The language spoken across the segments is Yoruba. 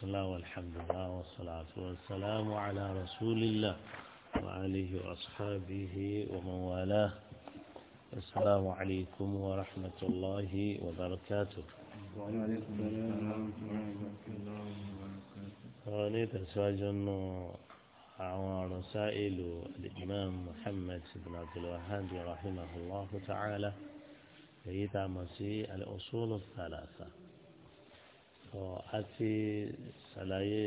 بسم الله والحمد لله والصلاة والسلام على رسول الله وعليه وأصحابه ومن والاه السلام عليكم ورحمة الله وبركاته وعليكم السلام ورحمة الله وبركاته رسائل الإمام محمد بن عبد الوهاب رحمه الله تعالى يتعمسي الأصول الثلاثة àti sàlàyé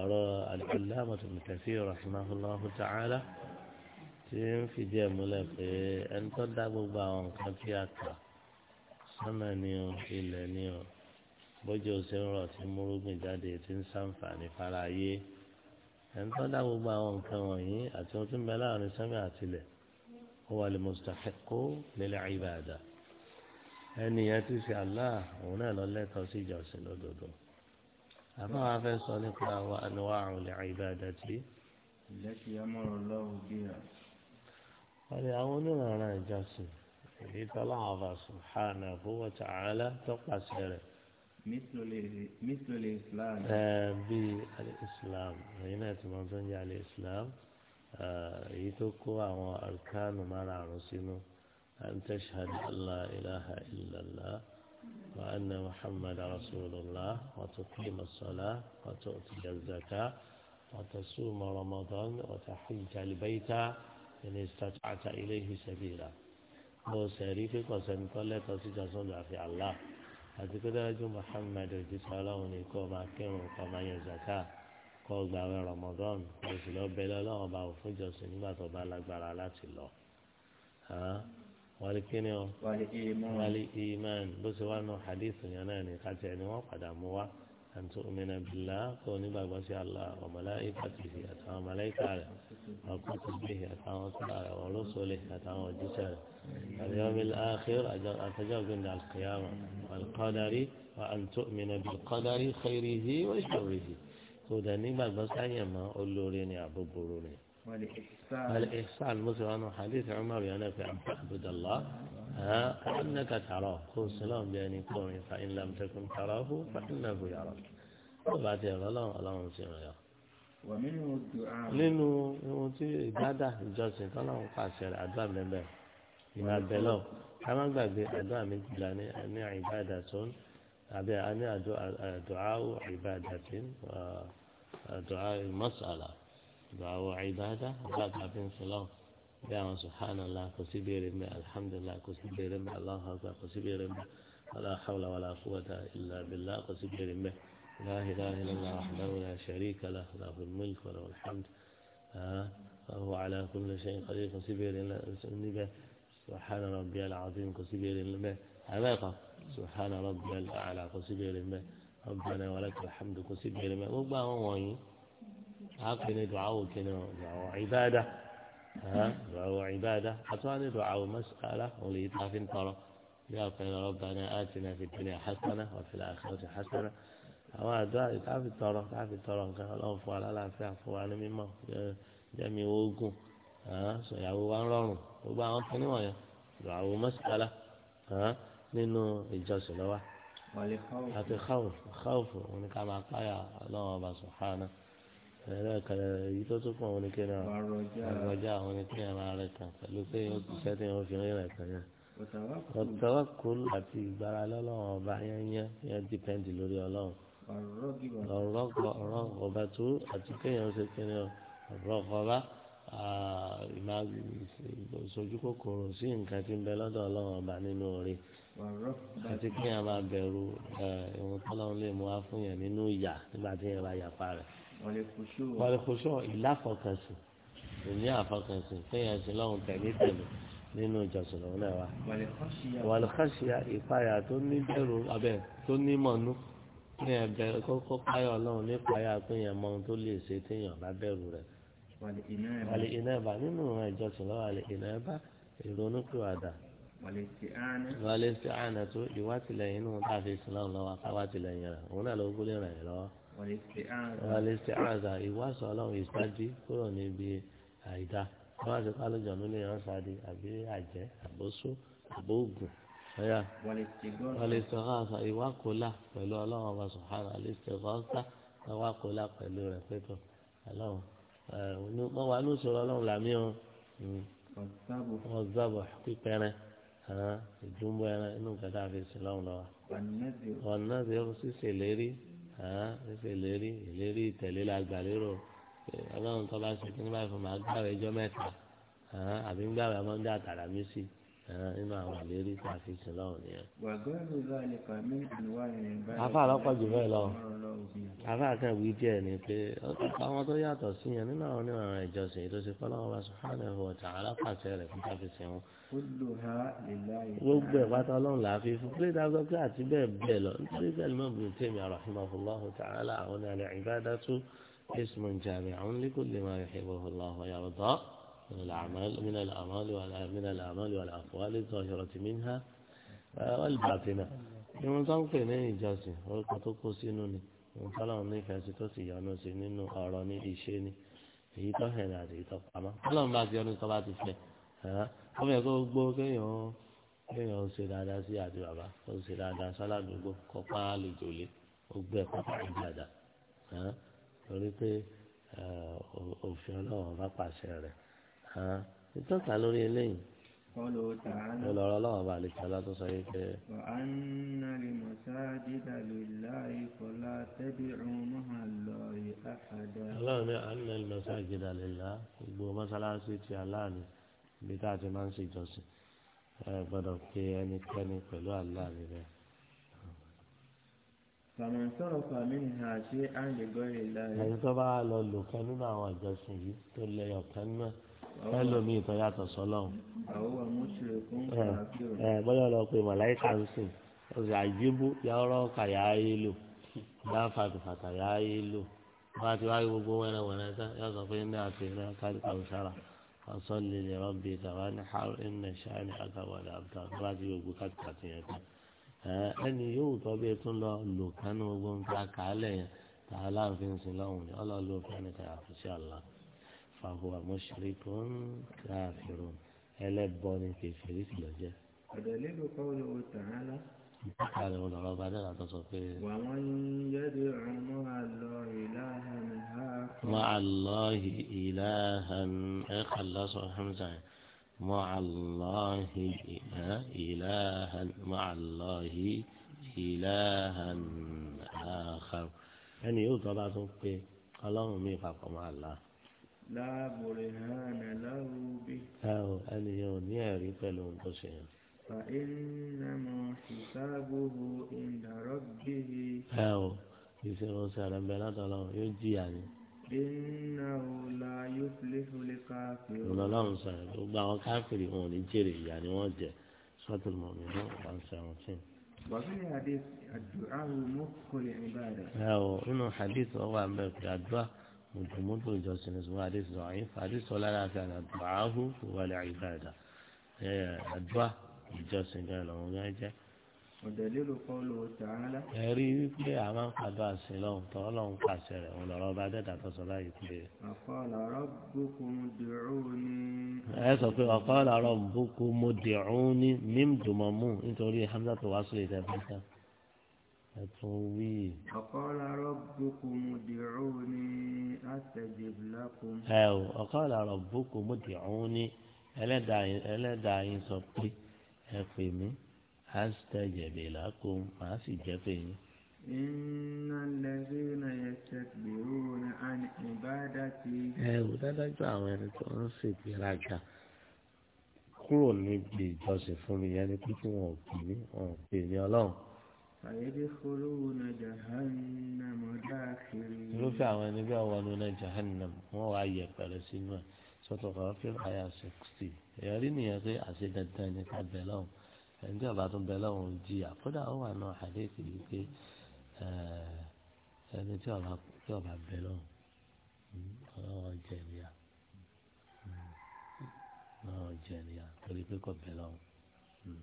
ọ̀rọ̀ al-Allāmah Ibn Kathīr rahimahullahu ta'ala tí ń fìdí ẹ̀ múlẹ̀ pé ẹni tó dá gbogbo àwọn nǹkan tí a kà sánmà ni o ilẹ̀ ni o bójú ṣe ń rọ̀ tí múrúgbìn jáde tí ń sàǹfààní fara ayé ẹni tó dá gbogbo àwọn nǹkan wọ̀nyí àti ohun tí ń bẹ láàrin sánmà àtilẹ̀ huwa al-mustahiqqu lil-'ibādah ẹni yẹn ti ṣe Allah òun náà lọ lẹ́tọ̀ọ́ sí ìjọsìn lódodo àbá wa fẹ́ sọ nípa àwọn àníwá àrùn ìbádàtì. ìlẹ́kì amọ̀rọ̀ lọ́wọ́ bí i. wọ́n ní àwọn onírànràn ìjọsìn èyí tọ́lá ọba subhanahu wa ta'ala tọ́pàṣẹ rẹ̀. mísìlì islam. ẹ bí islam èyí náà ti máa tó ń jẹ́ àlè islam èyí tó kó àwọn arkanu márààrún sínú. أن تشهد أن لا إله إلا الله وأن محمد رسول الله وتقيم الصلاة وتؤتي الزكاة وتصوم رمضان وتحج البيت إن استطعت إليه سبيلا هو سريفك وسنطلت وسجسون في الله أتكدرج محمد جسالون كما كم كما يزكاة kọ́ gbàwé rọmọdọ́n oṣù lọ bẹ́lẹ́ ọlọ́run bá òfin jọ̀sìn nígbà tó bá والكين يوم والإيمان والإيمان بس وانا حديث يعني قد يعني ما قد أموا أن تؤمن بالله كوني بابا سي الله وملائكته أتاو ملائكة وكتبه أتاو سلاة ورسله أتاو جسر اليوم الآخر أتجاوز عند القيامة والقدر وأن تؤمن بالقدر خيره وشره سوداني بابا سي ما أولوريني أبو بروني والإحسان مثل أنه حديث عمر يعني في أن تعبد الله كأنك تراه قل سلام بأن قومي فإن لم تكن تراه فإنه يراك وبعد يا الله اللهم سيما يا nínú ohun tí ìbádà ìjọsìn tọ́lọ́run pàṣẹ rẹ̀ àdúrà mẹ́bẹ̀ ìmọ̀ àbẹ̀lọ́ ká má gbàgbé àdúrà méjìlá ní àní ìbádà tó ń àbẹ̀ àní àdúrà ìbádà tí ń àdúrà ìmọ̀sàlá دعوة عبادة بعد فين سلام دعوة سبحان الله كسبير الحمد لله كسبير الله أكبر كسبير ولا حول ولا قوة إلا بالله كسبير لا إله إلا الله وحده لا شريك له له الملك وله الحمد فهو على كل شيء قدير كسبير الله سبحان ربي العظيم كسبير الله علاقة سبحان ربي الأعلى كسبير الله ربنا ولك الحمد كسبير الله وبعض وين عقل دعاء كنا دعاء عبادة ها دعاء عبادة أتواني دعاء مسألة وليتها في انطرة يا ربنا آتنا في الدنيا حسنة وفي الآخرة حسنة àwọn àdúrà yìí káfí tọrọ káfí tọrọ nǹkan ọlọ́run fún alálàáfíà fún wa ní mímọ́ jẹ́mi oògùn sọ̀yàwó wa ń rọrùn gbogbo àwọn kan níwọ̀nyẹn ìwàwó mọ́sálá nínú ìjọsìn lọ́wọ́ àti káwùfù káwùfù òun ni ká máa páyà ọlọ́run ọba sùhánà ẹ̀rọ kẹrẹ èyí tó tún fún àwọn oníkẹ́ni àgbọ̀já àwọn oníkẹ́ni ara rẹ̀ tán pẹ̀lú pé ó ti sẹ́tì wọn fi rìn rẹ̀ tán yẹn. ọ̀tọ̀wọ́kùn àti ìgbára lọ́lọ́run ọba yẹnyẹn yẹn dìpẹ́ǹdì lórí ọlọ́run. ọ̀rọ̀ ọba tó àti kéèyàn ṣe kíni ọ̀rọ̀ ọba ìmá sojú kòkòrò sí nǹkan tí ń bẹ lọ́dọ̀ ọlọ́run ọba nínú oore àti kéèyàn máa bẹ̀rù ìwọ̀n tọ́lọ́run lè mú wá fún yẹn nínú ìyà nígbà tí yẹn bá yapa rẹ̀ wàlẹ̀kùsùn ìlàfọ̀kànsìn ìní àfọ̀kànsìn kéèyàn sí lọ́hùn tẹ̀lé tẹ̀lé nínú ìjọsìn lọ́wọ́ náà wa. wàlẹ̀kọ́síà ìpayà tó ní bẹ̀rù abẹ tó ní mọ̀nú ní ẹ̀bẹ̀ kọ́kọ́ páyọ̀ ọlọ́run ní páyà pé yẹn mọ ohun tó lè ṣe téèyàn bá bẹ̀rù rẹ̀. wàlẹ̀ ìnáyẹ̀bà nínú ìjọsìn lọ́wọ́ wàlẹ̀ ìnáyẹ̀bà ìrònúpìwàdà wàlẹ̀ sí àánà tó ìwà tìlẹ̀yìn nù tá a fi sùn láwọn lọ́wọ́ àkáwá tìlẹ̀yìn rẹ̀ òun náà ló gbólé ràn yín lọ́wọ́. wàlẹ̀ sí àánà ìwà sọ ọlọ́run ìsáájú kúrò níbi àìdá káwá ti pa lójọ nílé yẹn sáadé àbí àjẹ́ àbóso àbóògùn ọ̀yà. wàlẹ̀ sí àánà ìwà kọlá pẹ̀lú ọlọ́run ọba sọ̀hánà àlẹ́ sí àánà ìwà pẹ̀lú rẹ̀ pẹ̀tọ̀ ọlọ́run ẹ̀ wọ́n wà ní ìṣòro ọlọ́run làmí ọ ọ̀zábọ̀ pípẹ́rẹ́ ẹran ìdúnbọ ẹran inú nǹkan tá a fi sin lọ́run lọ́wọ́. ọ̀nà tí ó ṣiṣẹ́ lérí ṣiṣẹ́ lérí ìlérí ìtẹ̀lé la gbà lérò ọlọ́run tó bá ṣe kí ní báyìí fún mi àgbàwé ẹjọ́ mẹ́ta àbí ń gbàwé ọmọdé àtàrà mí sí i nínú àwọn ìlérí tá a fi sìn lọ́wọ́ nìyẹn. afa lọ́pọ̀ jù bẹ́ẹ̀ lọ afa kan wí díẹ̀ ni pé àwọn tó yàtọ̀ sí yẹn nínú àwọn onímọ̀ràn ìjọsìn tó ṣe fọlọ́wọ́ bá subhanahu wa ta'ala pàṣẹ rẹ̀ fún ká fi sìn wọn. gbogbo ẹ̀ pátá ọlọ́run là á fi fún pé dájọ́ pé àti bẹ́ẹ̀ bẹ́ẹ̀ lọ nítorí bẹ́ẹ̀ ló bùn tèmi rahimahullahu من الأعمال من الأعمال من الأعمال والأقوال الظاهرة منها والباطنة ìwọ̀n tó ń pè ní ìjọsìn orúkọ tó kó sínú ni ìwọ̀n tọ́lọ́run nífẹ̀ẹ́ sí tó sì yọ́nú sí nínú ọ̀rọ̀ ní iṣẹ́ ni èyí tó hẹ̀ ní àti èyí tó pamọ́ tọ́lọ́run bá ti yọ́nú tó bá ti fẹ́ ọmọ ẹ̀ kó gbó kéèyàn kéèyàn ó ṣe dáadáa sí àti bàbá ó ṣe dáadáa sọ́ládùúgbò kó pa á lè jòlé ó gbé ẹ̀ pápá ìjàdá torí pé òfin ọlọ́run bá pàṣẹ rẹ̀ ìtọ́ka lórí eléyìí ọlọ́rọ̀ ọlọ́run bá lè ṣe aláàtọ̀ sọ yìí pé. وأن المساجد لله فلا تدعوا مع الله أحدا. ọlọ́run ní أن المساجد لله gbogbo mọ́sálásí ti aláàánú ibi tá a ti máa ń ṣe ìjọsìn ẹ gbọ́dọ̀ pé ẹnikẹ́ni pẹ̀lú aláàánú rẹ̀. فمن صرف منها شيئا لغير الله. ẹni tó bá lọ lò kan nínú àwọn ìjọsìn yìí tó lẹ́yọ̀ kan náà ẹlòmíì tó yàtọ̀ sọlọ́hún. ẹ ẹ bọ́lá lọ pé màláìka ń sìn ọ̀sẹ̀ àjíbú yàrá ọkà yàrá yé lò bá fàtìfàtà yàrá yé lò bá ti wáyé gbogbo wẹ́rẹ́ wẹ́rẹ́ tán yóò sọ pé ní àti ní kárí kàwùsára ọ̀sán lè lè rọ́bì kàwá ní hàrú ẹ̀mí ṣáàní àgàwàdà àbùtà bá ti gbogbo kàtìkàtì yẹn tán. ẹni yóò tọ́ bí etún lọ lò kánú gbogbo nǹkan kàálẹ̀ yẹn tàà láàfin sí lọ́hùn ni ọlọ́ọ̀lù òfin ẹni kàyà fún sí àlá. فهو مشرك كافر ẹlẹ́bọnì kẹfẹ́rí sì lọ́jẹ́. àdàlílù kọ́ọ̀lù tààlà. káàlẹ̀ wọn lọ́rọ́ bá dára tó sọ pé. wà wọ́n yẹ́dẹ̀ ọmọ àlọ́hì ìlàhàn ha. mọ àlọ́hì ìlàhàn ẹ kàlá sọ hamza yẹn mọ àlọ́hì ìlàhàn mọ àlọ́hì ìlàhàn àkàr ẹni yóò tọ́ bá tún pé ọlọ́run mi papọ̀ mọ́ àlá láàbùrẹ̀ hànà láwùbí. àwọn ènìyàn ò ní ẹ̀rí pẹ̀lú ohun tó ṣe yẹn. fàínàmọ̀ ìsáàbòbò ìdàrọ́ gbére. ẹ o ìṣe wọn sàrẹ̀ ń bẹ látọ̀lọ́ yóò jìyà ni. iná o la yóò fúlẹ́fúlẹ́ káàkiri. ọlọ́run sọ̀rọ̀ gbogbo àwọn káàkiri wọn ò ní jèrè ìyá ni wọ́n jẹ sọ́tún mọ̀mí náà wọ́n sẹ́wọ̀n wàfíì hadith àdúrà mọ́kànlẹ̀ àdúrà mùtùmùtù ìjọsìn ìṣòwò àdéṣọ àyín àdéṣọ lára àti àdàbà áhù wàlẹ̀ àyíkáàdà àdúrà ìjọsìn gan lọ́wọ́ gan jẹ́. ọ̀dẹ̀lélò kan ló tààlà. ẹ rí i wípé a máa ń padà sí lọ́hùn tọ́ lọ́hùn pàṣẹ rẹ̀ òun lọ́rọ́ bá dẹ́ta tó sọ láyé pé. àkọọ́lá rabbukum ud'uni. ẹ sọ pé àkọọ́lá rabbukum ud'uni mímdùmọ̀mù nítorí hamza tó wá sílẹ̀ tẹ́ fún ẹ̀tún wí. ọ̀kọ́lá rọ̀bùkún mùdìrúni àtẹ̀jìb lakum. ẹ o ọ̀kọ́lá rọ̀bùkún mùdìrúni ẹlẹ́dàá yín sọ pé ẹ pè mí àtẹ̀jìb lakum màá sì jẹ́ pé yín. iná lẹ́sẹ̀ náà yẹ ṣẹ́gbẹ̀rú ni a ní ìbádàtì. ẹ o dájú àwọn ẹni tó ń ṣègbéraga kúrò níbi ìjọsìn fún mi yẹn ni pé kí wọn ò pè mí wọn ò pè mí ọlọ́run fàyẹ́dẹ́kọ́lọ́wọ́nà jahannama dáàkiri. irúfẹ́ àwọn ẹni bí àwọn ọ̀nà jahannam wọ́n wá yẹ pẹ̀lú sínú ẹ̀ sọ́tọ̀ kọ́fíìn àyà sixty èèyàn rí nìyẹn pé àṣẹ dandan ni ká bẹ̀ lọ́hùn ẹni tí ọba tún bẹ̀ lọ́hùn jìyà kódà ó wà náà àdéhùn yìí pé ẹni tí ọba tí ọba bẹ̀ lọ́hùn ọlọ́wọ́ jẹ ìyá ọlọ́wọ́ jẹ ìyá torí pé kò bẹ̀ lọ́hùn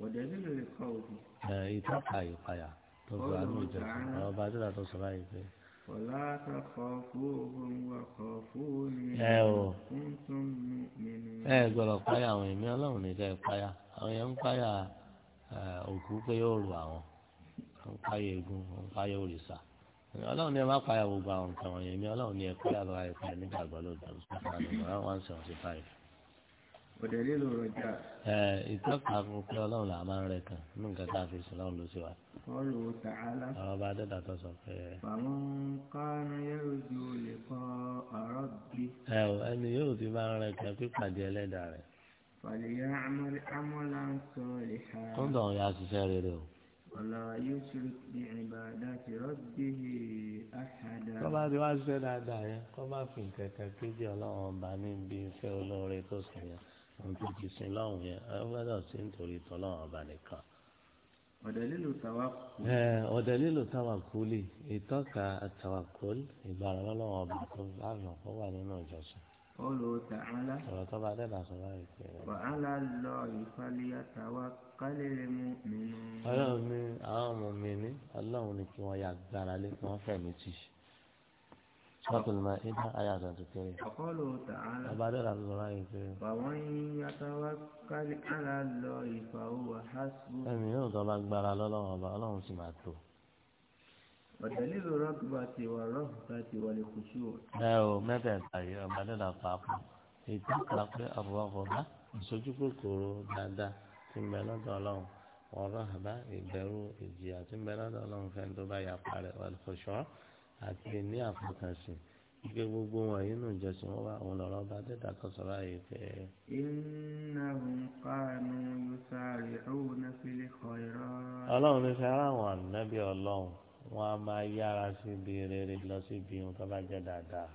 ìtọ́ka ìpayà tó gba ní ìjọ àwọn ọba tí tó sọ báyìí pé. Fọlá ta kọ fún ohun wa kọ fún omi. Ẹ o. Ẹ gbọ́dọ̀ páyà àwọn èmi ọlọ́run nìkan ẹ páyà. Àwọn yẹn ń páyà òkú pé yóò rù àwọn. ń páyà egun, ń páyà òrìṣà. Ọlọ́run ni ẹ má páyà gbogbo àwọn nǹkan wọ̀nyẹn. Èmi ọlọ́run ni ẹ páyà lọ́wọ́ ẹ páyà nígbàgbọ́ lóòótọ́. Wọ́n ń sọ̀rọ̀ sí five ọ̀dẹ̀lélò rọjà. ẹ ìtọ́ka pé ọlọ́run là máa ń rẹ kan nínú nǹkan tá a fi sùn lọ́run ló sì wà. kọlù tààlà. ọ̀rọ̀ bá dẹ́ta tó sọ pé. àwọn kánú yóò di olè kan ọ̀rọ̀ bí. ẹ o ẹni yóò ti máa ń rẹ kan pípàdé ẹlẹ́dàá rẹ̀. fàlìyà amọ́lá ń sọ lè ha. ó ń dọ̀ ya ṣiṣẹ́ rere o. ọ̀la yóò ṣe kọ́ bá ti wá ṣiṣẹ́ dáadáa yẹn kọ́ bá fi nǹkan kan kéde ọlọ́run ọba níbi iṣẹ́ olóore tó sùn yẹn nítorí ti sin lọ́hùn yẹn ẹ gbọ́dọ̀ sí nítorí tọ́lọ́hùn ọba nìkan. ọ̀dẹ̀ lílo tawakuli ìtọ́ka tawakul ìgbàlá lọ́wọ́ ọba tó láàrin ọ̀pọ̀ wà nínú ìjọsìn. قوله تعالى وعلى الله فليتوكل المؤمنون. ọlọ́run ní àwọn ọmọ mi ní ọlọ́run ní kí wọ́n yà gbára lé kí wọ́n fẹ̀mí tì í. سورة المائدة آية 23 وقوله تعالى بعد الرأي فمن يتوكل على الله فهو حسبه أمين يوضع أكبر على الله وبقى الله سمعته ودليل الرغبة والرهبة والخشوع أو متى أي بعد الأطاق يتطلق الرغبة سجوك الكورو بعد ثم لدى الله يبرو الجيات ثم لدى الله فانتبه يقال والخشوع àti ní àfọkànsìn gbígbé gbogbo wọn yìí nù jẹsìn wọn wá òun lọrọ bá dẹta kan sọ̀rọ̀ àyè fẹ. innahum kanu yusari'una fil khairat. ọlọ́run ní sẹ́ ara àwọn ànábì ọlọ́run wọn a máa yára síbi rere lọ síbi ohun tó bá jẹ́ dáadáa.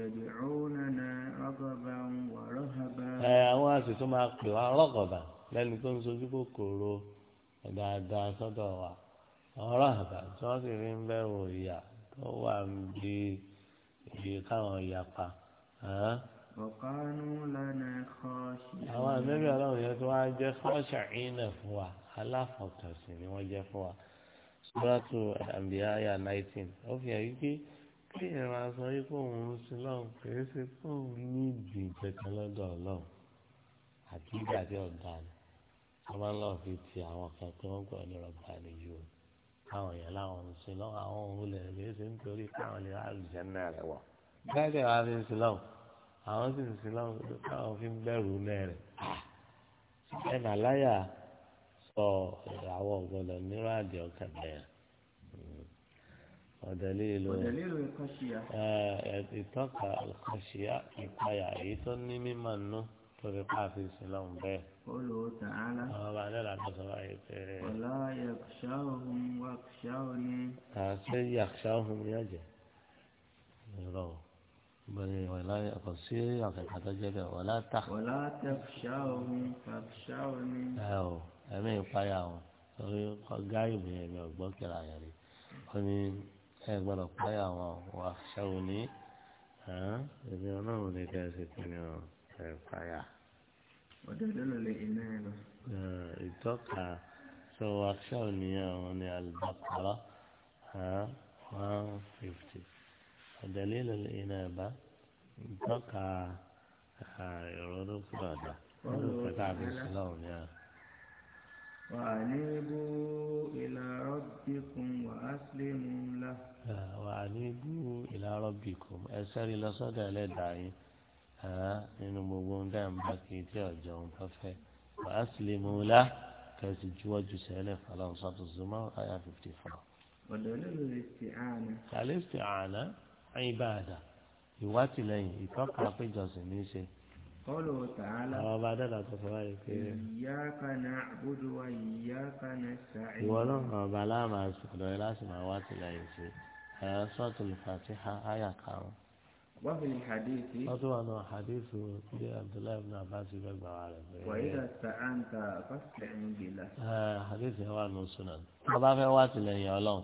yad'unana ragaban wa rahaban. ẹ àwọn àti tó máa pè wá rọ́gọ̀bà lẹ́ni tó ń sojú kòkòrò dáadáa sọ́dọ̀ wa ọ̀rọ̀ àbá tí wọ́n sì fi ń bẹ̀rù ìyà ó wà ń bí ibi káwọn yapa. àwọn àmẹ́bí ọlọ́run yẹn tó wá jẹ́ kọ́ṣà ìnà fún wa aláfọ̀kànsìn ni wọ́n jẹ́ fún wa sọ́dọ̀tù àbíyá yà 19 ó fi hàn wípé kí èèyàn máa sọ wípé òun ń sin lọ́hùn kì í ṣe pé òun ní ìdì ìjẹta lọ́dọ̀ ọlọ́run àti ìgbà tí ọ̀gá ni wọ́n máa ń lọ́ọ́ fi ti àwọn kan tí wọ́n gbọ́ ní rọ̀bà nìyí o àwọn èèyàn láwọn ń sin lọ́wọ́ àwọn òun lè lè ṣe nítorí káwọn lè ráàlù jẹ́ náà rẹ̀ wọ̀. gáàdì wa fi ń sin lọ́wọ́ àwọn sì ń sin lọ́wọ́ káwọn fi ń bẹ̀rù náà rẹ̀. ẹ ah! nà sọ àwọn ọ̀gbọ́dọ̀ nírọ̀ àdìẹ ọ̀kẹ́ bẹ́ẹ̀. ọ̀dẹ̀lẹ́ ìlú eh, ìtọ́ka ìkọ̀ṣìyà ìpayà èyí tó ní mímọ̀ náà torí káfí sílọ̀n bẹ́ẹ̀. olùwò tààlà. àwọn bá nílò àdọ́sọ́lá yìí péré. ọ̀la yàkṣá òhun wàkṣá òní. àṣé yàkṣá òhun yóò jẹ. ìrọ̀ bẹ́ẹ̀ wọ̀lá kò sí àkàkà tó jẹ́ bẹ́ẹ̀ wọ̀lá tà. wọ̀lá tàkṣá òhun wàkṣá òní. ẹ o ẹ̀mí ìpayà o torí gáìbù yẹn mi ò gbọ́ kíra yẹn rí. ó ní ẹ gbọ́dọ̀ páyà wọn wàkṣá òní. ẹ̀mí ọlọ́run ní kẹ́sì pinnu ọ̀run ẹ̀fáyà. ìtọ́ka sọ wáṣọ nìyẹn wọn ni alùbákọ́rọ́ one fifty ọ̀dẹ̀lélò iná ẹ̀bá ìtọ́ka ìrònú kúrò ọ̀dà ọdún pẹ̀lú àbísí lọ́wọ́ ni. وأنيبوا إلى ربكم وأسلموا له وأنيبوا إلى ربكم أسأل الله صدى لدعي nínú gbogbo ń dá ìmúbá kì í tí ọjọ́ ń fẹ́fẹ́ wà á sì lè mú un lá kẹsì juwọ́jú sẹ́lẹ̀ fọlọ́n sọ́tò zuma àyà fifty four. ọ̀dọ̀ olóòlù lè ti àná. kàlẹ́ ti àná ẹ̀yin bá a dà ìwátìlẹ́yìn ìtọ́ka péjọsìn ní í ṣe. kọ́lù tààlà. àwọn ọba dàda tó fọwọ́ yìí pé. iyyaka na'budu náà kàn ọba aláàmà sọ̀dọ̀ ẹ̀ láti máa وفي الحديث أطوى أنه حديث عبد الله بن عباس بن عارف وإذا استعنت فاستعن بالله حديث هو أنه سنن طبعا في وقت لن يعلم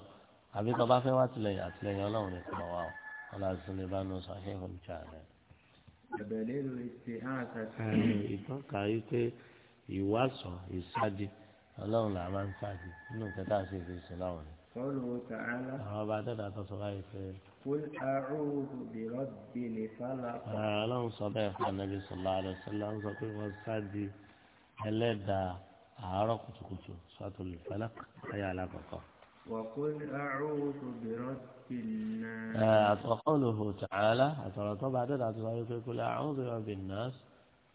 àbí tó bá fẹ́ wá tilẹ̀ àtìlẹyìn ọlọ́run ní kọ́ wa ọlọ́run bá nu sàkéhùn jàre. ìtọ́ka yìí pé ìwàsọ ìsádi ọlọ́run là máa ń sádi nínú kẹta àti ìfèsì láwọn ni. àwọn ọba ọlọ́run sọ bẹ́ẹ̀ fún anabi sọlá rẹ̀ sọlá ń sọ pé wọ́n sáàdì ẹlẹ́dàá àárọ̀ kùtùkùtù sọ́tò lè fẹ́lẹ́ káyà alákọ̀ọ́kọ́. àtọ̀kọ́lùhù tààlà àtọ̀rọ̀tọ́ bá dẹ́dà tó sáré pé kúlẹ̀ àwọn òbí wọn bì nọ́ọ̀sì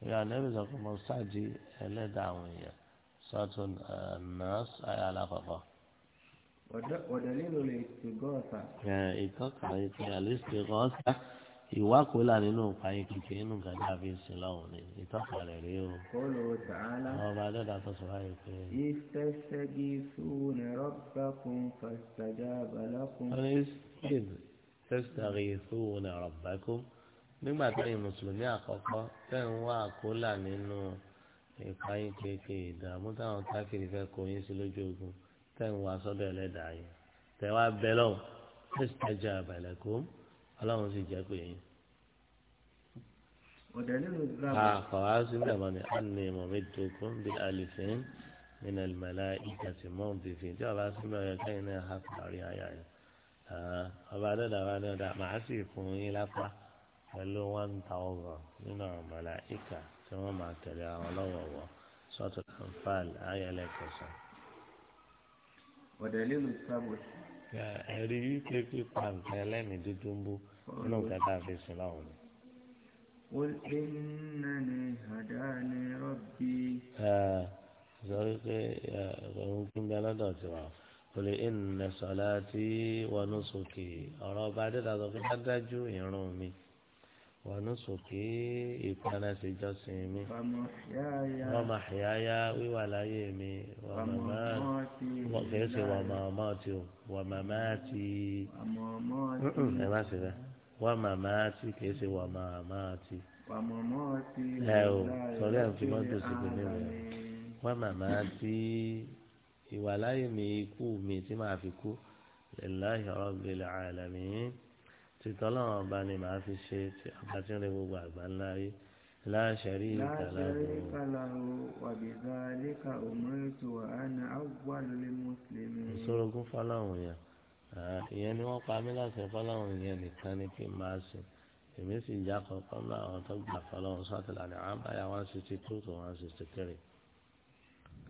ìyá anabi sọ pé wọ́n sáàdì ẹlẹ́dàá àwọn èèyàn sọ́tò nọ́ọ̀sì káyà alákọ̀ọ́kọ́ ìtọ́ka ìpè àlèsìtìgọ́sà ìwákòólà nínú ìpayín kìkì nínú gàdá àfi ìsìn láwọn ni ìtọ́ka rẹ̀ rí o. ọba adọ́dà tó sọ báyìí pé. ìfẹsẹ̀gì fún rọ́bàkùn fàṣàjà balakùn. wọ́n ní sèd tẹ́sítàrí fún rọ́bàkùn nígbà tẹ́yìn mùsùlùmí àkọ́kọ́ tẹ́ ń wá àkólà nínú ìpayín kìkì ìdààmú táwọn káfíìrì fẹ́ kó sí lójú ogun tẹ́ ń wá sọ́dọ̀ ẹlẹ́dàá yìí tẹ́ wá bẹ lọ́wọ́ ẹ̀sìtẹ́jà àbẹ̀lẹ̀ kó ọlọ́run sì jẹ́ pé yín. àkọ́wá sí mẹ́wàá ni àná ìmọ̀ mi dogun bí alìsín nínú ìmọ̀lá ìkàtí mọ́ bìbí tí ọba sí mẹ́wàá kẹ́yìn náà ha parí ayà yìí. ọba dọ́dà wa dọ́dà màá sì fún yín lápá pẹ̀lú one thousand nínú ìmọ̀lá ìkà tí wọ́n máa tẹ̀lé àwọn ọlọ́wọ̀wọ̀ sọ́tò Anfal ayẹlẹ́ ọ̀dẹ̀lẹ́lu sábò. ẹ̀rí wípé pípa nǹkan ẹlẹ́mìí dúdú ń bú nínú nǹkan tá a fi sin láwọn ni. قل إنني هداني ربي ذلك ممكن بلا دوتوا قل إن صلاتي ونسكي أرى بعد ذلك حتى جو ينومي wọnú sòkè ìpara ṣèjọsìn mi wọn máa ṣèyáyá wíwà láyé mi wọn máa kìí ṣe wọn máa mọ ti o wọn máa máa ti ẹ má ṣe bẹ wọn máa máa ti kìí ṣe wọn máa máa ti ẹ o sọrí àwọn tí wọn gbèsè pé mi wọn máa máa ti ìwà láyé mi ikú mi tí màá fi kú lillahi rabbil alamin tìtọ́lọ́wọ́n ọba ni màá fi ṣe ti ọba tí ń lè gbogbo àgbà ńlá rí láṣẹrí ìkàlàbò wàbíbáàlíkà òmùrẹ́tù àánà àwùwálólé mùsùlùmí. ìṣòro kún fọláhùn yẹn ìyẹn ni wọ́n pa mí láṣẹ fọláhùn yẹn nìkan ni kí n máa sìn èmi sì já kọ̀ọ̀kan náà àwọn tó gbà fọláhùn sọ́tìlá ní àwọn one sixty two to one sixty three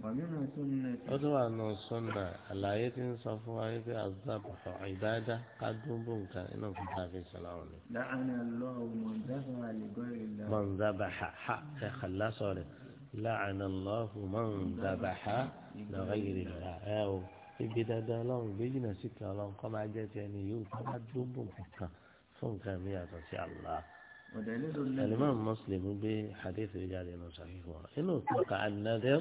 ó tún wà nù sọ́nà àlàyé tí ń sọ fún wa wípé àzàbọ̀ ìdájá ká dúró nǹkan iná fún tàbí sọ̀rọ̀ ọ̀nà. mọ̀nzábàá ha ẹ̀ kàlá sọ̀rọ̀ láàánà lọ́hùn mọ̀nzábàá lọ́wọ́ yìí rà ẹ̀ o ibi dandan ọlọ́run gbé jìnnà sí kan ọlọ́run kọ́ máa jẹ́ tiẹ̀ ní yóò tó bá dúró nǹkan fún nǹkan mi yàtọ̀ sí Allah. الإمام مسلم به حديث رجال صحيح إنه اتقى النذر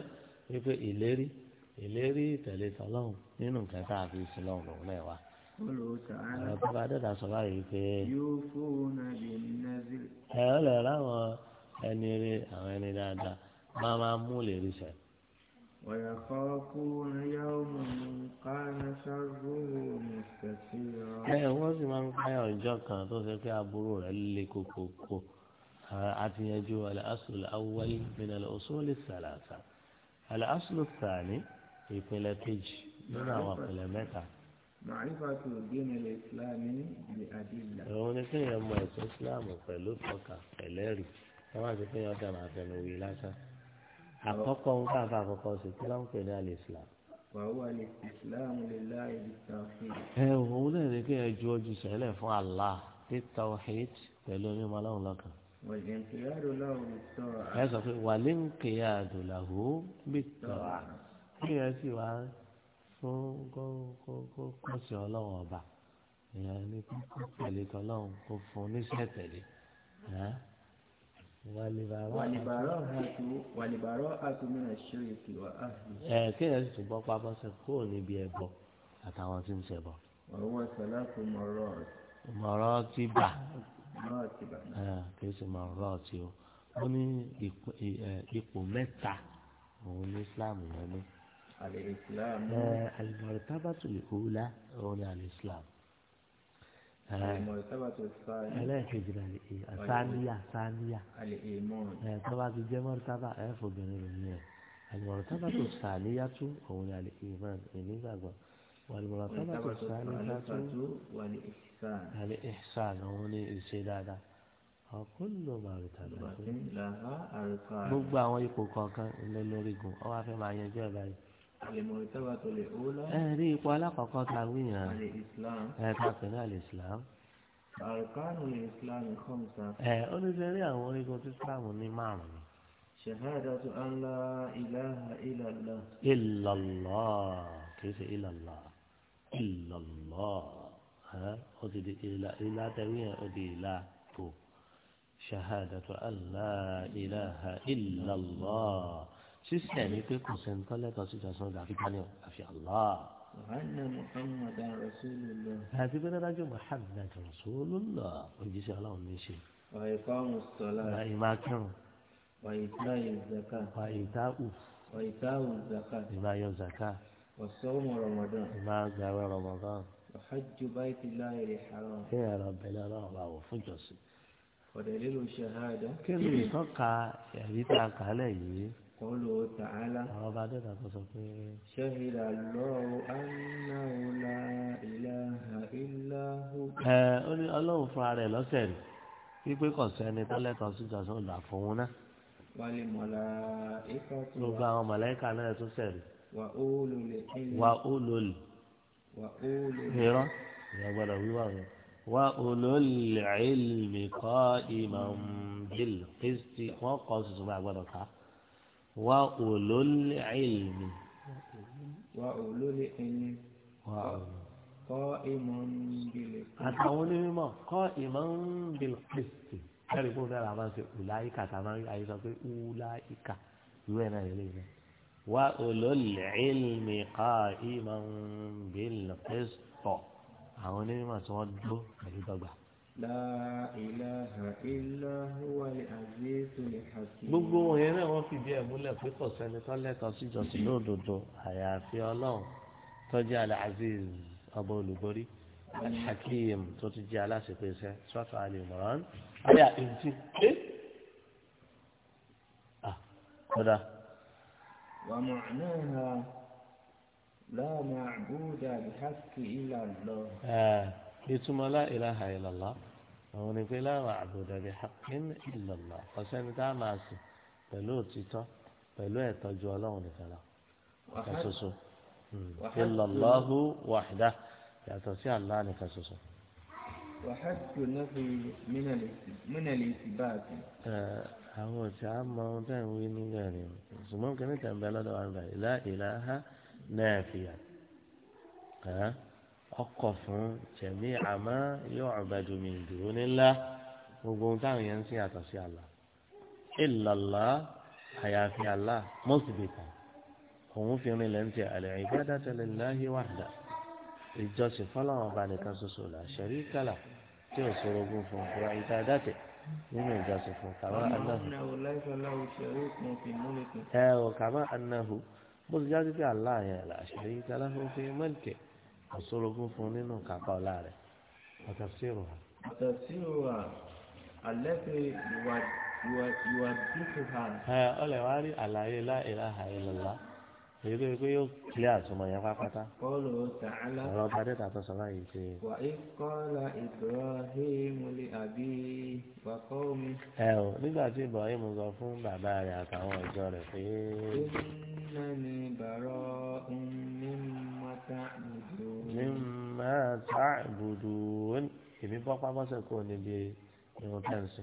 wípé ìlérí ìlérí ìtẹ̀lé tọ́lọ́hùn nínú nǹkan tá a fi sin lọ́hùn lòun náà wá. ọ̀rọ̀ tó bá dẹ́ta sọ báyìí pé ẹ ọ lè ráwọn ẹni rí àwọn ẹni dáadáa máa máa mú ìlérí sẹ. ويخافون يوما كان شره مستسيرا. ẹ wọ́n sì máa ń káyọ̀ ọjọ́ kan tó ṣe pé aburú rẹ̀ le kókókó àtìyànjú al-asl al-awwal min al àlàáṣìlò sàní ìpínlẹ̀ kejì nínú àwọn ìpínlẹ̀ mẹ́ta. òun ni kéèyàn mọ ẹ̀sìn ìsìláàmù pẹ̀lú tọ́ka ẹlẹ́rìí wọ́n máa ti kéèyàn dànù àfẹnuwì lásán. àkọ́kọ́ ń ká àfa àkọ́kọ́ sí kí wọ́n ń pè ní àlè ìsìláàmù. wàhùn àlè ìsìláàmù lè láì di tàwíìd. ẹ òun náà ni kéèyàn ju ojú sẹ́lẹ̀ fún Allah ti tàwíìd pẹ̀lú onímọ̀ ọlọ́run lọ́kàn ẹ sọ pé wàlẹ́ ń kéye àdùláhù bí tọ́ra kí ẹ sì wá fún kọ́sì ọlọ́run ọba èèyàn ní kókó tẹ̀lé tọ́lọ́run kó fún oníṣẹ́ tẹ̀lé. wàlìbàrọ̀ àtúmìnà ṣòye kì wá. ẹ kí ẹ sì túbọ̀ pa bọ́sẹ̀ kúrò níbi ẹ̀bọ àtàwọn tí ń ṣẹbọ. ọwọ́ sọlá kò mọ̀rọ̀. mọ̀rọ̀ ti bà kìí ṣe máa rọ ọtí o wọ́n ní ipò mẹ́ta òun ní islam yẹn ní. alìmọ̀rìtàbàtúlì òwúlá òun ní alìsílám. ẹlẹ́ẹ̀kejì náà ni sáníyà sáníyà tọ́ba ti jẹ́ mọ́rìtàbà ẹ̀ fòbìnrin rẹ̀ ní ẹ̀ alìmọ̀rìtàbàtú sáníyà tú òun ní alìmọ̀ ìnígbàgbọ́ wàlìmọ̀rìtàbàtú sáníyà tú wàlìmọ̀rìtàbàtú wàlìmọ̀rìtàbàtú àlẹ ẹ̀sà àwọn ní ìṣe dáadáa ọkùnrin ọba àrùtàdà gbogbo àwọn ipò kọ̀ọ̀kan ló lórí gùn ọ wá fẹ́ máa yanjú ẹ̀ báyìí. ẹ rí ipò alákọ̀ọ́kọ́ ta wíyàn ẹ ta pẹ̀lú àlè islam. àrùkánù islam khamsa. ẹ oníṣẹ́rí àwọn orígun tí islam ní márùn-ún. shahadatu an la ilaha illallah. illallah kì í ṣe illallah illallah ó ti di ìlà ìlà tẹ̀wé yẹn ó di ìlà tó ṣahadatu alla ilaha illallah sísè ní pé kò sẹ́ni tọ́lẹ́tọ̀ sí ìjọsìn ọ̀dà àfikánì àfi allah. وأن محمدا رسول الله هذه بنا رجل محمد رسول الله ويجيسي الله من شيء وإقام الصلاة وإما كان وإيتاء الزكاة وإيتاء وإيتاء الزكاة إما يوم زكاة وصوم رمضان إما زكاة رمضان hajj bayti llahi al-haram. kí ẹ lọ bẹ̀lẹ̀ ọlọ́run bá wò fún jọ̀sìn. ọ̀dẹ̀lẹ́ ló ṣe àádá. kí ni ìtọ́ka ẹ̀rí tá a kà á lẹ̀ yìí. kọ́lù tààlà. àwọn ọba dẹ́ta tó sọ pé. ṣahida Allahu annahu la ilaha illa hu. ẹ ó ní ọlọ́run fúnra rẹ̀ lọ́sẹ̀ rí wípé kò sẹ́ni tọ́lẹ́tọ̀ síjọ́ sí ọ̀dà fún un náà. wálé mọ̀lá ikọ̀ tó wà. gbogbo àwọn mọ̀lẹ́kà náà tó sẹ̀rí. wà ó lòlẹ̀ irọ́ ìyá gbọ́dọ̀ wíwà rẹ̀ wá olólùlẹ̀ẹ́lì kọ́ ìmọ̀ bíl kristi wọ́n kọ́ tuntun bá gbọ́dọ̀ ká wá olólùlẹ̀ẹ́lì. wá olólùlẹ̀ẹ́lì kọ́ ìmọ̀ bíl kristi. àtàwọn onímọ̀ kọ́ ìmọ̀ bíl kristi kẹ́rì fẹ́ràn a ṣe ùláyíkà tá a máa sọ pé ùláyíkà ìwé náà lè lè yẹn. وأولو العلم قائما بالقسط àwọn onímọ̀ tí wọ́n dúró pẹ̀lú dọ́gba. La ilaha illa huwa al-azizul hakim. gbogbo wọn yẹn náà wọ́n fìdí ẹ̀ múlẹ̀ pé kò sẹ́ni tó lẹ́tọ̀ọ́ síjọsìn lódodo àyàfi ọlọ́run tó jẹ́ al-aziz ọba olùborí al-hakim tó ti jẹ́ aláṣepẹ̀ṣẹ́ sọ́tà al-imran ayà ìdí. ọ̀dà. ومعناها لا معبود بحق إلا الله آه ثم لا إله إلا الله هناك لا معبود بحق إلا الله فسنة عماسي بلو تيتو بلو يتجوالو نفلا كسوسو إلا الله وحده يتسع الله نفسوسو وحد نفي من الاثبات آه àwọn ọ̀sẹ̀ á mọ ohun tá à ń wí nígbà ni ṣùgbọ́n kí ní tẹ̀m̀bẹ́ lọ́dọ̀ wa nígbà ìlà ìlà ha náà fi hàn ọkọ̀ fún jẹ̀mí àmọ́ yóò àgbàdo mi ìdúró nílá gbogbo ohun táwọn yẹn ń sìn àtọ̀ sí àlá ìlàlá àyàfi àlá mọ́sibítà òun fi rin lẹ́ńtì àlẹ́ ìbádà tẹ̀lé láhí nínú ìjọsìn fún kàmá anahu ẹ ọ kàmá anahu bó ti jáde pé Allah yẹn làṣẹrí taláfó fi mẹlìkẹ ọsọlógún fún nínú kápá ọlá rẹ àtàfsírò ha. àtàfsírò ha alẹ́ pé ìwà ìwà dúkù ha. ẹ ọ lè wá rí àlàyé la ilaha èyí ló yẹ pé yóò kílẹ̀ àtúmọ̀ yẹn pápátá. kọ́lù tààlà. ọ̀rọ̀ ọba dẹ́ta tó sọ báyìí ṣe. wà á kọ́lá Ibrahim lè àbí wàkọ́ mi. ẹ o nígbà tí Ibrahim sọ fún bàbá rẹ̀ àtàwọn ọjọ́ rẹ̀ pé. iná ni bàrọ̀ ní mọ́tà àbùdù. ní mọ́tà àbùdù èmi bọ́ pápọ́sẹ̀ kò níbi irun pẹ́ǹsì.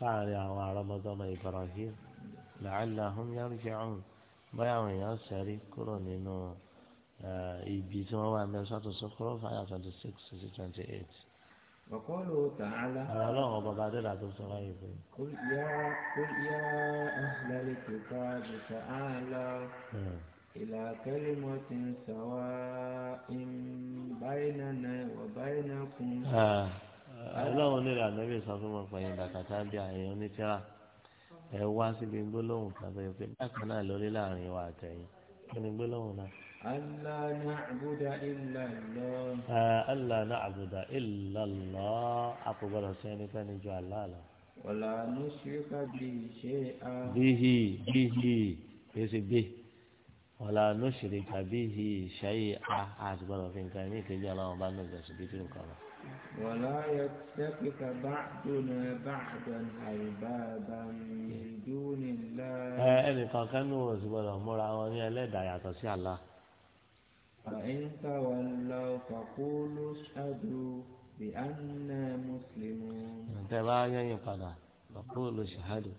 sáàrin àwọn àrọ́mọdọ́mọ Ibrahim la'allahum yarji'un bóyá àwọn èèyàn sẹ́rí kúrò nínú eh, ibi tí wọ́n wà ní sọ́tún sọ́kúrò fáyà twenty six sí twenty eight. وقوله تعالى قل يا قل يا أهل الكتاب تعالوا إلى كلمة سواء بيننا وبينكم ọlọ́run nílẹ̀ ànábì sọ fún wọn pẹ̀lú ìdàkàtà bí àyẹ̀yàn ní tíra ẹ wá síbi gbólóhùn tàbí pé bákan náà lórí láàrin wa àtẹ̀yìn kí ni gbólóhùn náà. Allah na'buda illa Allah. Allah na'buda illa Allah. A kò gbọ́dọ̀ sí ẹnikẹ́ni ju Allah lọ. Wala nushrika bihi shay'an. Bihi bihi kèsì bí. Wala nushrika bihi shay'an. A ti gbọ́dọ̀ fi nǹkan ní ìkejì ọlọ́run bá nù jọ̀sìn bí tí nǹkan lọ. ولا يتخذ بعضنا بعضا أربابا من دون الله ẹnìkan kan ní wọn sì gbọ́dọ̀ múra wọn ní ẹlẹ́dàá yàtọ̀ sí àlá. فإن تولوا فقولوا اشهدوا بأننا مسلمون. tẹ bá yẹ̀yìn padà فقولوا اشهدوا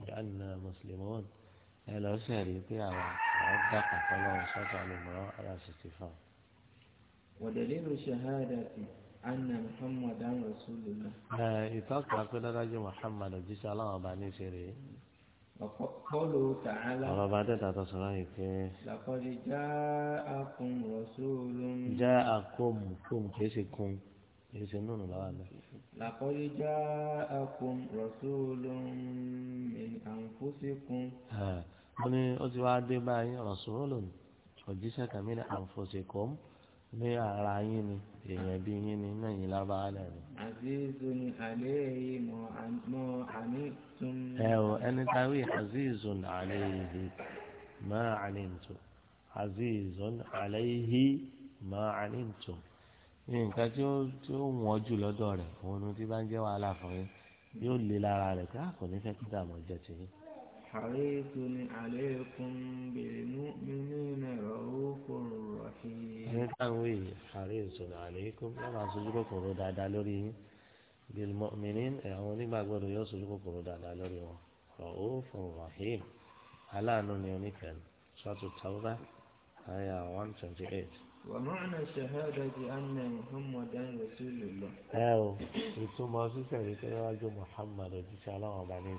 بأننا مسلمون ẹ lọ sí ẹ̀rí pé àwọn àwọn dàpọ̀ pẹ̀lú ọ̀sán tó àlùmọ́ ara sì ti fà. ودليل شهادتي anna muhammadan rasulullah. ẹ ìtọ́ka pé dájú muhammad òjíṣẹ́ aláwọ̀ bá ní ìṣeré. ọ̀pọ̀lọ́ tààlà. ọ̀rọ̀ bá dẹ́ta tó sọ̀rọ̀ yìí pé. làkọ́lé já akùn rasulun. já akùn kùn kìí ṣe kùn kìí ṣe nùnú lọ́wọ́ náà. لقد جاءكم رسول من أنفسكم wọ́n ní ó ti wá dé báyìí رسول òjíṣẹ́ kan min أنفسكم bí ara yín ni èèyàn bí yín ni náà yín lábára náà ni. azizu ni àléyé mọ àní tún. ẹ o ẹni táwí azizu ni àléyé mọ àní tún azizu ni àléyé mọ àní tún nǹkan tí ó tí ó wọ́n jù lọ́dọ̀ rẹ̀ òun ni bá ń jẹ́ wàhálà fún yín yóò lé lára rẹ̀ ká ah, kò ní fẹ́ kí dààmú jẹ ti yín. àríyé tó ní àlékún bèrè mú ní ìrọ̀rùn kò ní táwọn èyí àárẹ̀ ìṣòro àléékún lọ́nà aṣojú kòkòrò dáadáa lórí yín bil mu'minin àwọn onígbàgbọ́ rẹ̀ yóò aṣojú kòkòrò dáadáa lórí wọn ra'ufun rahim aláàánú ni oníkẹ́ni sọ́tù tàwọ́bá àyà one twenty eight. ومعنى الشهادة أن محمدا رسول الله. أو ثم سيسألك يا محمد رضي الله عنه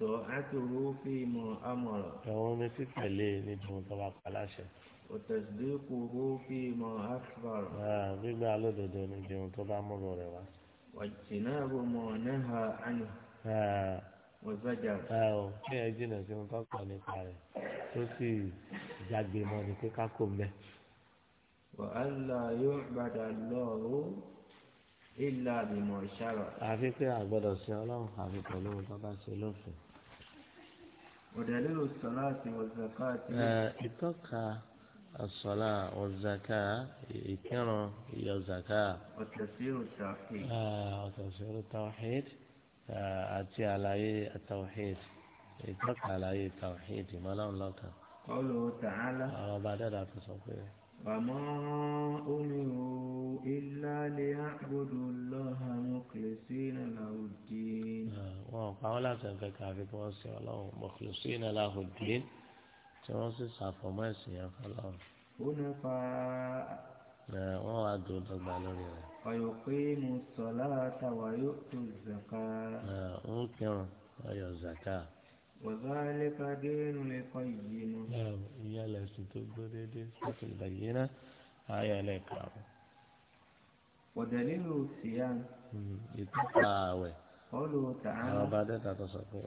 طاعته فيما أمر. أو نسيت عليه نجم طبعا على شيء. وتصديقه فيما أخبر gbígbà lódodo ni bí ohun tó bá múlò rẹ̀ wá. واجتناب ما نهى عنه وزجر. bí ẹ jìnnà sí ohun tó kọ̀ nípa rẹ̀ tó sì jágbe mọ́ ni pé ká kò mẹ́. وألا يعبد الله إلا بما شرع. àfi pé àgbọ́dọ̀ sí ọlọ́run àfi pẹ̀lú ohun tó bá ṣe lófin. ودليل الصلاة والزكاة. ìtọ́ka asọ́lá ọ̀zàká ìkírun ìyọ̀zàká. ọ̀tẹ̀sírù tawhid. ọ̀tẹ̀sírù ah, tawhid ah, àti àlàyé tawhid ìtọ́ka àlàyé tawhid ìmọ̀láwọn lọ́kàn. ọlọ́ tààlà. àwọn ọba dẹ́dà tó sọ pé. wàmọ́ umiru illa liya'budu Allaha mukhlisina lahu ddin. Ah, wọn ò pa wọn láti ẹ̀fẹ̀ káfí kí wọ́n sin ọlọ́run mukhlisina lahu ddin tí wọ́n sì ṣàfọ̀mọ́ ẹ̀sìn yẹn fọlọ́run. ó ní fa. ẹ wọ́n wá dùn dọ́gba lórí rẹ̀. ọ̀yọ̀ pé mo sọ láàtà wà yóò tó zàkà. ẹ ń kírun ọyọ zàkà. wàzálẹ́ ká dénú lè kọ́ yìí nu. ẹ ìyá lẹ́sìn tó gbó déédéé sọ́tò ìbàyí náà ayọ̀ lẹ́ka. wọ̀dẹ̀lẹ́lù síyá. Hmm, ìtúpa ààwẹ̀. ọlọ́ọ̀tà. àwọn ọba dẹ́ta tó sọ pé.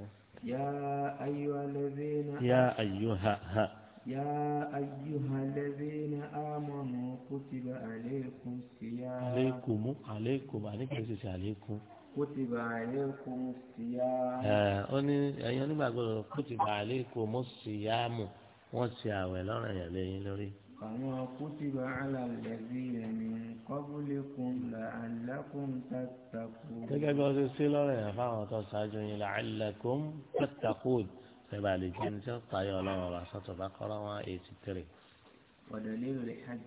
يا أيها الذين يا أيها ها يا أيها الذين آمنوا كتب عليكم الصيام عليكم عليكم عليكم عليكم كتب عليكم الصيام آه أني يعني ما أقول كتب عليكم الصيام وصيام ولا يعني لوري كما كتب على الذين من قبلكم لعلكم تتقون تجد بهذه السيلة يا فاهم تساجون لعلكم تتقون سبالي جنسة طيب الله ولا ستبقر ما يستري ودليل الحج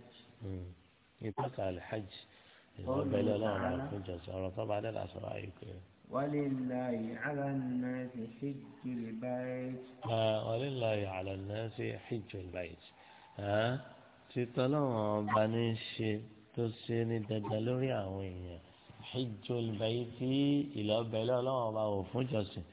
يتقى الحج قول الله تعالى طبعا لا سرائك ولله على الناس حج البيت آه ولله على الناس حج البيت ها آه títọ́ lọ́wọ́n ọba ní í ṣe tó ṣe ní dandan lórí àwọn èèyàn ìjọ ìbẹ̀yì tí ìlọ bẹ̀lẹ́ ọlọ́wọ́n ọba ò fún ìjọsìn.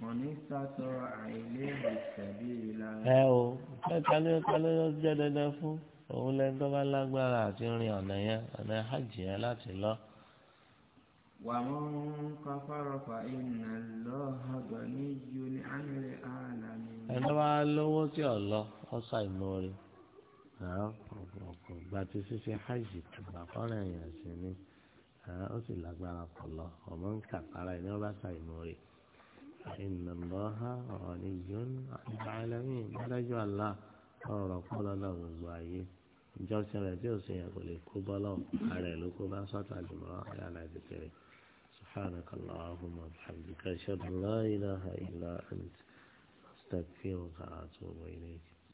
mo ní sátọ àìlè ìṣẹ̀bí ìlànà. ẹ o kẹta ló kẹta ló jẹ́ dandan fún òun lẹ́nu tó lágbára àti rin ọ̀nà yẹn ọ̀nà hajj yẹn láti lọ. ومن كفر فإن الله غني عن العالمين. ẹni wàá lówó tí ọlọ ọsà ìmọ̀ọ́rẹ́ ọ̀pọ̀ ìgbà tí ṣíṣe hajj ìgbà fọ́nrán èèyàn sì ni ó sì lágbára pọ̀ lọ ọmọ ń kàkàrà ẹni ọba ṣàìmọ̀ rẹ̀ ìnàlọ́ha ọ̀ọ́ni yón àìbáyẹlẹ́mí ìdájọ́ àlá ọ̀rọ̀ pọ̀ lọ́nà gbogbo ayé ìjọsìn rẹ̀ tí ò sì yàn kò lè kó bọ́lọ̀ ààrẹ ló kó bá sọ́tà jùmọ̀ ayára ìdíkẹrẹ سبحانك اللهم وبحمدك أشهد أن لا إله إلا أنت أستغفرك وأتوب إليك